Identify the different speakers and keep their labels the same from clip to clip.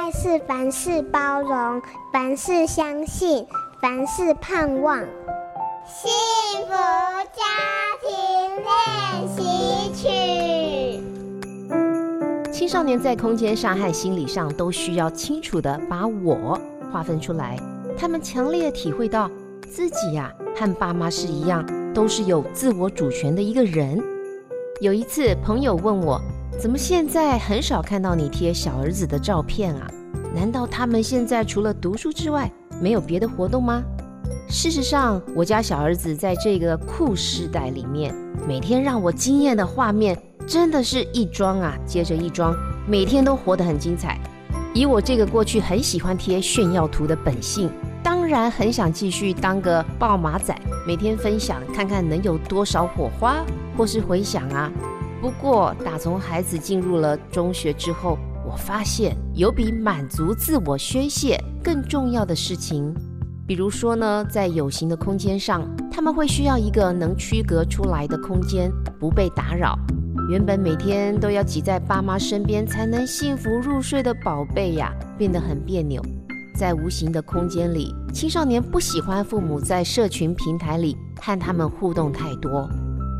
Speaker 1: 愛是凡事包容，凡事相信，凡事盼望。幸福家庭練習曲。
Speaker 2: 青少年在空間上和心理上都需要清楚的把“我”劃分出來。他們強烈體會到自己呀、啊、和爸媽是一樣，都是有自我主權的一個人。有一次，朋友問我。怎麼現在很少看到你貼小兒子的照片啊？難道他們現在除了讀書之外沒有別的活動嗎？事實上，我家小兒子在這個酷世代裡面，每天讓我驚豔的畫面，真的是一樁啊接着一樁，每天都活得很精彩。以我這個過去很喜歡貼炫耀圖的本性，當然很想繼續當個暴馬仔，每天分享看看能有多少火花或是回響啊。不過，打從孩子進入了中學之後，我發現有比滿足自我宣洩更重要的事情。比如說呢，在有形的空間上，他們會需要一個能區隔出來的空間，不被打擾。原本每天都要擠在爸媽身邊才能幸福入睡的寶貝呀，變得很彆扭。在無形的空間裡，青少年不喜歡父母在社群平台裡和他們互動太多。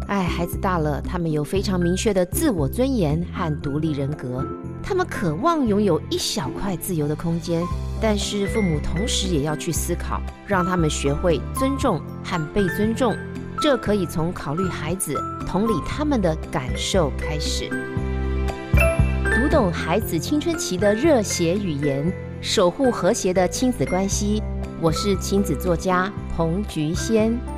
Speaker 2: 唉，孩子大了，他們有非常明確的自我尊嚴和獨立人格，他們渴望擁有一小塊自由的空間。但是父母同時也要去思考，讓他們學會尊重和被尊重，這可以從考慮孩子、同理他們的感受開始，讀懂孩子青春期的熱血語言，守護和諧的親子關係。我是親子作家彭菊仙。